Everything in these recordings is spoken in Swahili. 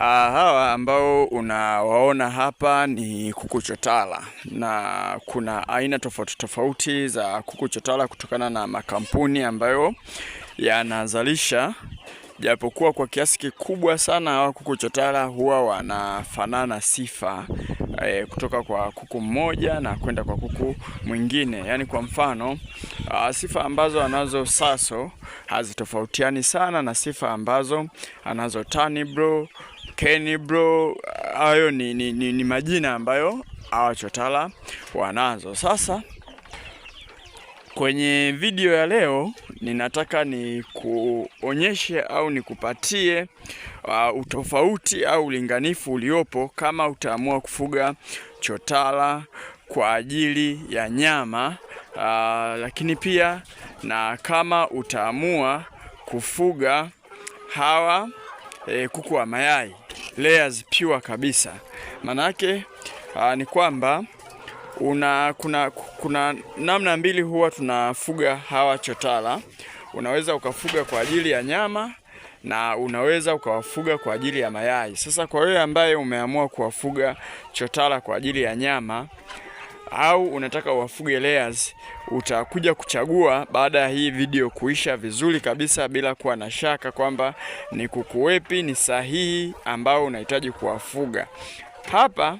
Uh, hawa ambao unawaona hapa ni kuku chotara na kuna aina tofauti tofauti za kuku chotara kutokana na makampuni ambayo yanazalisha, japokuwa kwa kiasi kikubwa sana hawa kuku chotara huwa wanafanana sifa e, kutoka kwa kuku mmoja na kwenda kwa kuku mwingine. Yaani kwa mfano a, ah, sifa ambazo anazo Saso hazitofautiani sana na sifa ambazo anazo Tanibro Kenny Bro, hayo ni, ni, ni, ni majina ambayo hawa chotala wanazo. Sasa kwenye video ya leo ninataka ni kuonyeshe au nikupatie uh, utofauti au ulinganifu uliopo kama utaamua kufuga chotala kwa ajili ya nyama uh, lakini pia na kama utaamua kufuga hawa eh, kuku wa mayai layers pure kabisa. Maana yake ah, ni kwamba una, kuna, kuna namna mbili huwa tunafuga hawa chotara. Unaweza ukafuga kwa ajili ya nyama na unaweza ukawafuga kwa ajili ya mayai. Sasa kwa wewe ambaye umeamua kuwafuga chotara kwa ajili ya nyama au unataka wafuge layers, utakuja kuchagua baada ya hii video kuisha vizuri kabisa, bila kuwa na shaka kwamba ni kuku wepi ni sahihi ambao unahitaji kuwafuga. Hapa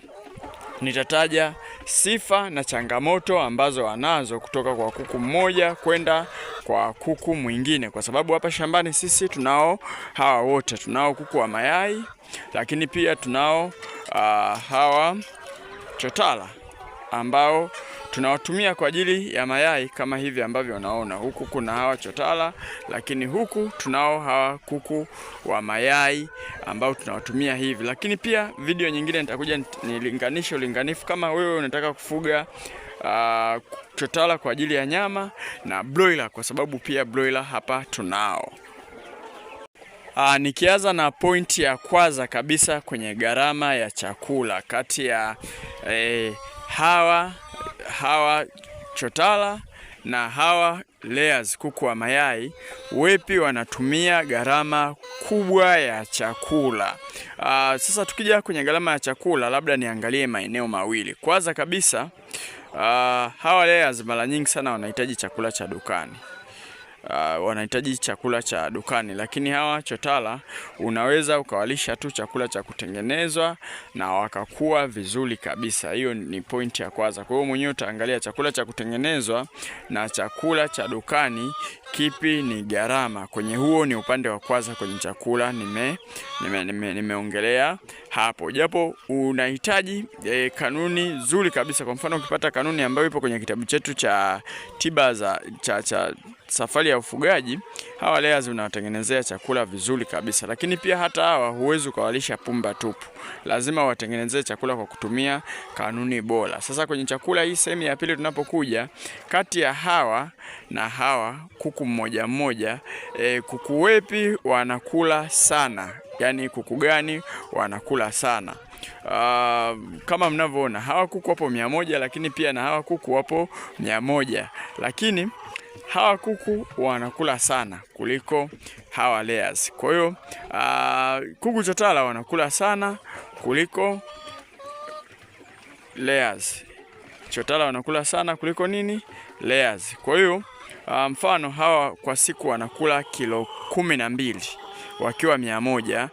nitataja sifa na changamoto ambazo wanazo kutoka kwa kuku mmoja kwenda kwa kuku mwingine, kwa sababu hapa shambani sisi tunao hawa wote, tunao kuku wa mayai, lakini pia tunao uh, hawa chotala ambao tunawatumia kwa ajili ya mayai kama hivi ambavyo unaona huku, kuna hawa chotara, lakini huku tunao hawa kuku wa mayai ambao tunawatumia hivi. Lakini pia video nyingine nitakuja nilinganishe ulinganifu kama wewe unataka kufuga uh, ah, chotara kwa ajili ya nyama na broiler, kwa sababu pia broiler hapa tunao. Aa, ah, nikianza na pointi ya kwanza kabisa kwenye gharama ya chakula kati ya eh, hawa hawa chotala na hawa layers kuku wa mayai, wepi wanatumia gharama kubwa ya chakula. Aa, ah, sasa tukija kwenye gharama ya chakula, labda niangalie maeneo mawili. Kwanza kabisa, aa, ah, hawa layers mara nyingi sana wanahitaji chakula cha dukani uh, wanahitaji chakula cha dukani, lakini hawa chotara unaweza ukawalisha tu chakula cha kutengenezwa na wakakuwa vizuri kabisa. Hiyo ni point ya kwanza. Kwa hiyo mwenyewe utaangalia chakula cha kutengenezwa na chakula cha dukani kipi ni gharama. Kwenye huo ni upande wa kwanza kwenye chakula nimeongelea nime, nime, nime hapo, japo unahitaji e, kanuni nzuri kabisa. Kwa mfano ukipata kanuni ambayo ipo kwenye kitabu chetu cha tiba za cha, cha safari ya ufugaji, hawa layers unawatengenezea chakula vizuri kabisa. Lakini pia hata hawa huwezi ukawalisha pumba tupu, lazima watengenezee chakula kwa kutumia kanuni bora. Sasa kwenye chakula, hii sehemu ya pili tunapokuja, kati ya hawa na hawa kuku mmoja mmoja e, kuku wepi wanakula sana, yaani kuku gani wanakula sana. Uh, kama mnavyoona hawa kuku wapo mia moja, lakini pia na hawa kuku wapo mia moja, lakini hawa kuku wanakula sana kuliko hawa layers. Kwa hiyo uh, kuku chotara wanakula sana kuliko layers chotara wanakula sana kuliko nini layers. Kwa hiyo ah, mfano um, hawa kwa siku wanakula kilo kumi na mbili wakiwa mia moja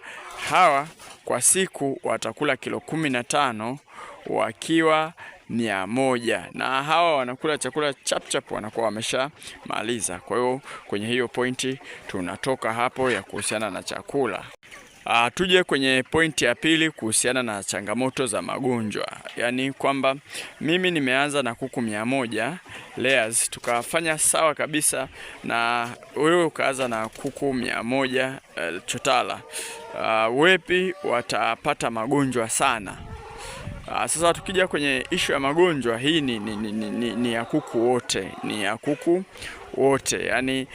hawa kwa siku watakula kilo kumi na tano wakiwa mia moja na hawa wanakula chakula chapchap, wanakuwa wameshamaliza. Kwa hiyo kwenye hiyo pointi tunatoka hapo ya kuhusiana na chakula. Uh, tuje kwenye pointi ya pili kuhusiana na changamoto za magonjwa, yaani kwamba mimi nimeanza na kuku mia moja layers, tukafanya sawa kabisa na wewe ukaanza na kuku mia moja uh, chotala uh, wepi watapata magonjwa sana. Uh, sasa tukija kwenye ishu ya magonjwa hii ni, ni, ni, ni, ni ya kuku wote, ni ya kuku wote, yaani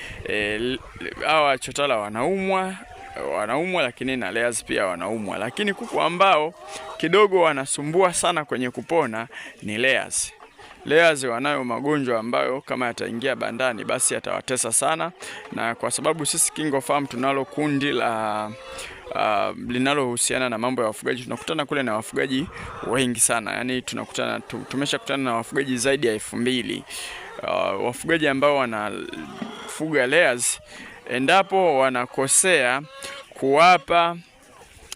hawa e, chotala wanaumwa wanaumwa, lakini na layers pia wanaumwa, lakini kuku ambao kidogo wanasumbua sana kwenye kupona ni layers. Layers wanayo magonjwa ambayo kama yataingia bandani basi yatawatesa sana, na kwa sababu sisi Kingo Farm tunalo kundi la Uh, linalohusiana na mambo ya wafugaji, tunakutana kule na wafugaji wengi sana, yani tunakutana tumeshakutana na wafugaji zaidi ya elfu mbili uh, wafugaji ambao wanafuga layers endapo wanakosea kuwapa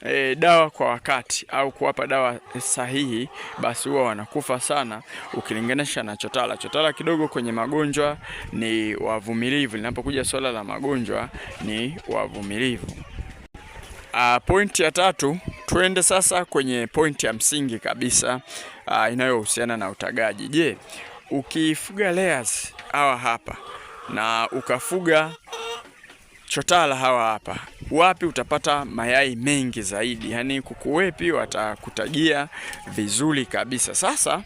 E, dawa kwa wakati au kuwapa dawa sahihi, basi huwa wanakufa sana ukilinganisha na chotara. Chotara kidogo kwenye magonjwa ni wavumilivu, linapokuja swala la magonjwa ni wavumilivu. A, ah, pointi ya tatu, tuende sasa kwenye pointi ya msingi kabisa ah, inayohusiana na utagaji. Je, ukifuga layers hawa hapa na ukafuga chotala hawa hapa, wapi utapata mayai mengi zaidi? Yaani kuku wepi watakutagia vizuri kabisa. Sasa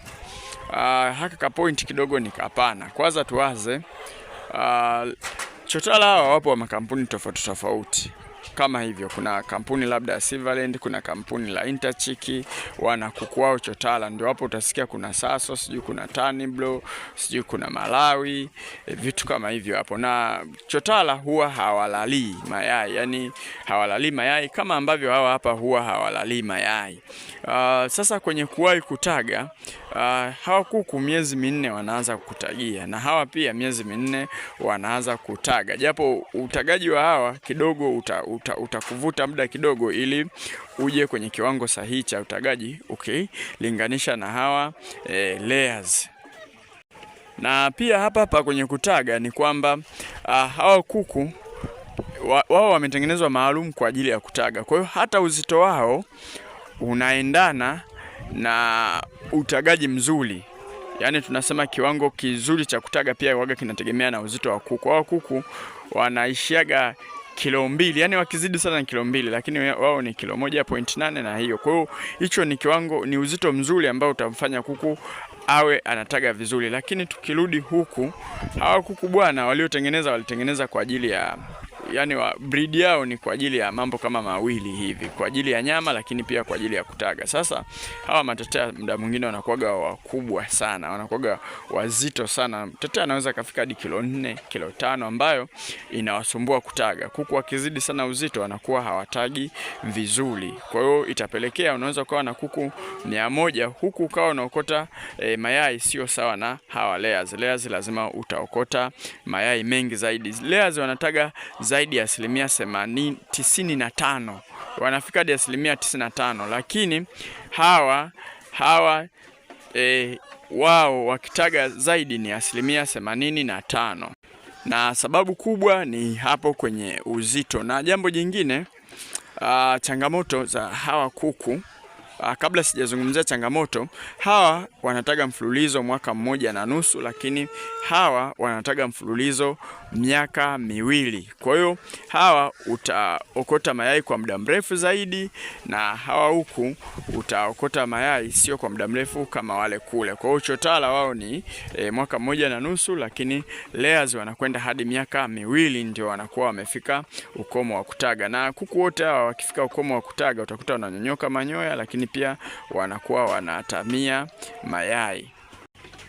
uh, haka ka point kidogo ni kapana. Kwanza tuwaze uh, chotala hawa wapo wa makampuni tofauti tofauti kama hivyo. Kuna kampuni labda ya Silverland, kuna kampuni la Interchiki wana kuku wao chotala, ndio hapo utasikia kuna Saso, sijui kuna Taniblo, sijui kuna Malawi, eh, vitu kama hivyo hapo. Na chotala huwa hawalalii mayai, yani hawalalii mayai kama ambavyo hawa hapa huwa hawalalii mayai. Uh, sasa kwenye kuwahi kutaga uh, hawa kuku miezi minne wanaanza kutagia, na hawa pia miezi minne wanaanza kutaga, japo utagaji wa hawa kidogo utakuvuta uta, uta muda kidogo ili uje kwenye kiwango sahihi cha utagaji ukilinganisha okay, na hawa eh, layers na pia hapa hapa kwenye kutaga ni kwamba uh, hawa kuku wao wa wametengenezwa maalum kwa ajili ya kutaga. Kwa hiyo hata uzito wao unaendana na utagaji mzuri, yaani tunasema kiwango kizuri cha kutaga pia waga kinategemea na uzito wa kuku. Hawa kuku wanaishiaga kilo mbili, yani wakizidi sana kilo mbili, lakini wao ni kilo moja point nane na hiyo. Kwa hiyo hicho ni kiwango, ni uzito mzuri ambao utamfanya kuku awe anataga vizuri. Lakini tukirudi huku, hawa kuku bwana waliotengeneza walitengeneza kwa ajili ya yani wa breed yao ni kwa ajili ya mambo kama mawili hivi, kwa ajili ya nyama, lakini pia kwa ajili ya kutaga. Sasa hawa matetea muda mwingine wanakuwaga wakubwa sana, wanakuwaga wazito sana. Tetea anaweza kafika hadi kilo nne, kilo tano, ambayo inawasumbua kutaga. Kuku wakizidi sana uzito wanakuwa hawatagi vizuri, kwa hiyo itapelekea unaweza ukawa na kuku mia moja huku ukawa unaokota e, mayai sio sawa na hawa layers. Layers lazima utaokota mayai mengi zaidi. Layers wanataga zaidi zaidi ya asilimia 95 wanafika hadi asilimia 95, lakini hawa hawa e, wao wakitaga zaidi ni asilimia 85 na na sababu kubwa ni hapo kwenye uzito. Na jambo jingine a, ah, changamoto za hawa kuku a, ah, kabla sijazungumzia changamoto, hawa wanataga mfululizo mwaka mmoja na nusu, lakini hawa wanataga mfululizo miaka miwili. Kwa hiyo hawa utaokota mayai kwa muda mrefu zaidi, na hawa huku utaokota mayai sio kwa muda mrefu kama wale kule. Kwa hiyo uchotara wao ni e, mwaka mmoja na nusu, lakini layers wanakwenda hadi miaka miwili ndio wanakuwa wamefika ukomo wa kutaga. Na kuku wote hawa wakifika ukomo wa kutaga utakuta wananyonyoka manyoya, lakini pia wanakuwa wanatamia mayai.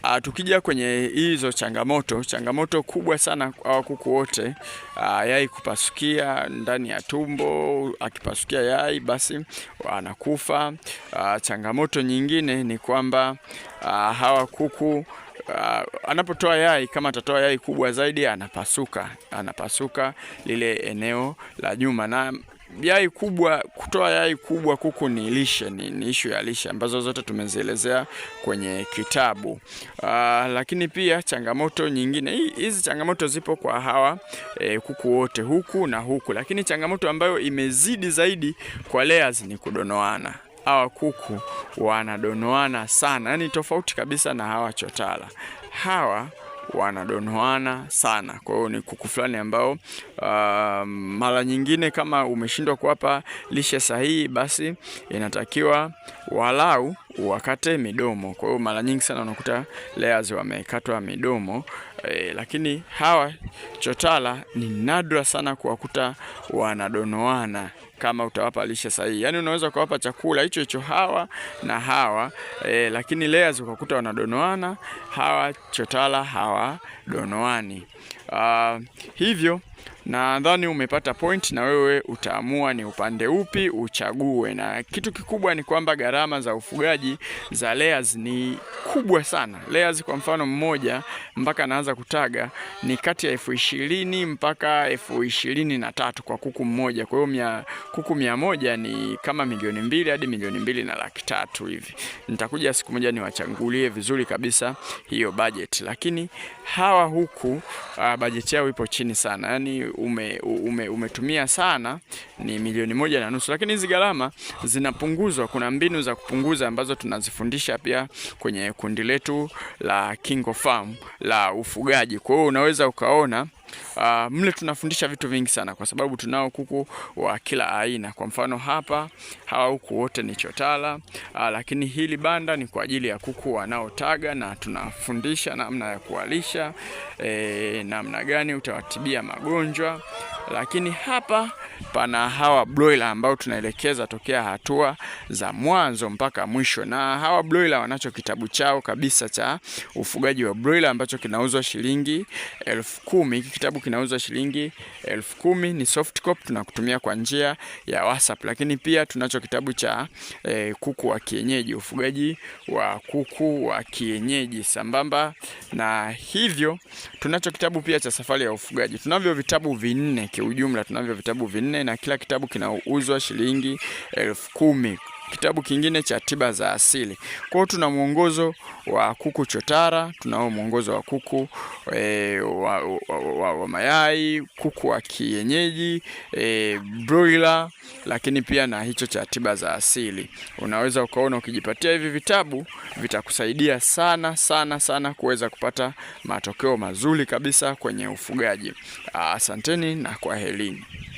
Uh, tukija kwenye hizo changamoto, changamoto kubwa sana kwa kuku wote uh, yai kupasukia ndani ya tumbo. Akipasukia yai basi anakufa. Uh, ah, changamoto nyingine ni kwamba uh, hawa kuku Uh, anapotoa yai kama atatoa yai kubwa zaidi, anapasuka anapasuka lile eneo la nyuma, na yai kubwa, kutoa yai kubwa kuku ni lishe, ni, ni ishu ya lishe ambazo zote tumezielezea kwenye kitabu. Aa, ah, lakini pia changamoto nyingine, hizi changamoto zipo kwa hawa e, kuku wote huku na huku, lakini changamoto ambayo imezidi zaidi kwa layers ni kudonoana. Hawa kuku wanadonoana sana, yani tofauti kabisa na hawa chotala hawa wanadonoana sana. Kwa hiyo ni kuku fulani ambao uh, mara nyingine kama umeshindwa kuwapa lishe sahihi, basi inatakiwa walau wakate midomo. Kwa hiyo mara nyingi sana unakuta layers wamekatwa midomo e, lakini hawa chotara ni nadra sana kuwakuta wanadonoana kama utawapa lishe sahihi. Yaani unaweza ukawapa chakula hicho hicho hawa na hawa e, lakini layers ukakuta wanadonoana hawa chotala hawa donoani. Uh, ah, hivyo Nadhani umepata point, na wewe utaamua ni upande upi uchague. Na kitu kikubwa ni kwamba gharama za ufugaji za layers ni kubwa sana. Layers kwa mfano mmoja mpaka anaanza kutaga ni kati ya elfu ishirini mpaka elfu ishirini na tatu kwa kuku mmoja. Kwa hiyo mia, kuku mia moja ni kama milioni mbili hadi milioni mbili na laki tatu hivi. Nitakuja siku moja niwachangulie vizuri kabisa hiyo budget, lakini hawa huku uh, budget yao ipo chini sana yani nadhani ume, ume, umetumia sana ni milioni moja na nusu, lakini hizi gharama zinapunguzwa. Kuna mbinu za kupunguza ambazo tunazifundisha pia kwenye kundi letu la KingoFarm la ufugaji. Kwa hiyo unaweza ukaona Uh, mle tunafundisha vitu vingi sana kwa sababu tunao kuku wa kila aina. Kwa mfano hapa hawa kuku wote ni chotala, uh, lakini hili banda ni kwa ajili ya kuku wanaotaga na tunafundisha namna ya kuwalisha, eh, namna gani utawatibia magonjwa lakini hapa pana hawa broiler ambao tunaelekeza tokea hatua za mwanzo mpaka mwisho, na hawa broiler wanacho kitabu chao kabisa cha ufugaji wa broiler ambacho kinauzwa shilingi elfu kumi. Hiki kitabu kinauzwa shilingi elfu kumi, ni soft copy tunakutumia kwa njia ya WhatsApp, lakini pia tunacho kitabu cha e, kuku wa kienyeji, ufugaji wa kuku wa kienyeji. Sambamba na hivyo tunacho kitabu pia cha safari ya ufugaji. Tunavyo vitabu vinne kiujumla tunavyo vitabu vinne na kila kitabu kinauzwa shilingi elfu kumi kitabu kingine cha tiba za asili. Kwa hiyo tuna mwongozo wa kuku chotara, tunao mwongozo wa kuku e, wa, wa, wa, wa mayai, kuku wa kienyeji e, broiler, lakini pia na hicho cha tiba za asili. Unaweza ukaona ukijipatia hivi vitabu vitakusaidia sana sana sana kuweza kupata matokeo mazuri kabisa kwenye ufugaji. Asanteni na kwaherini.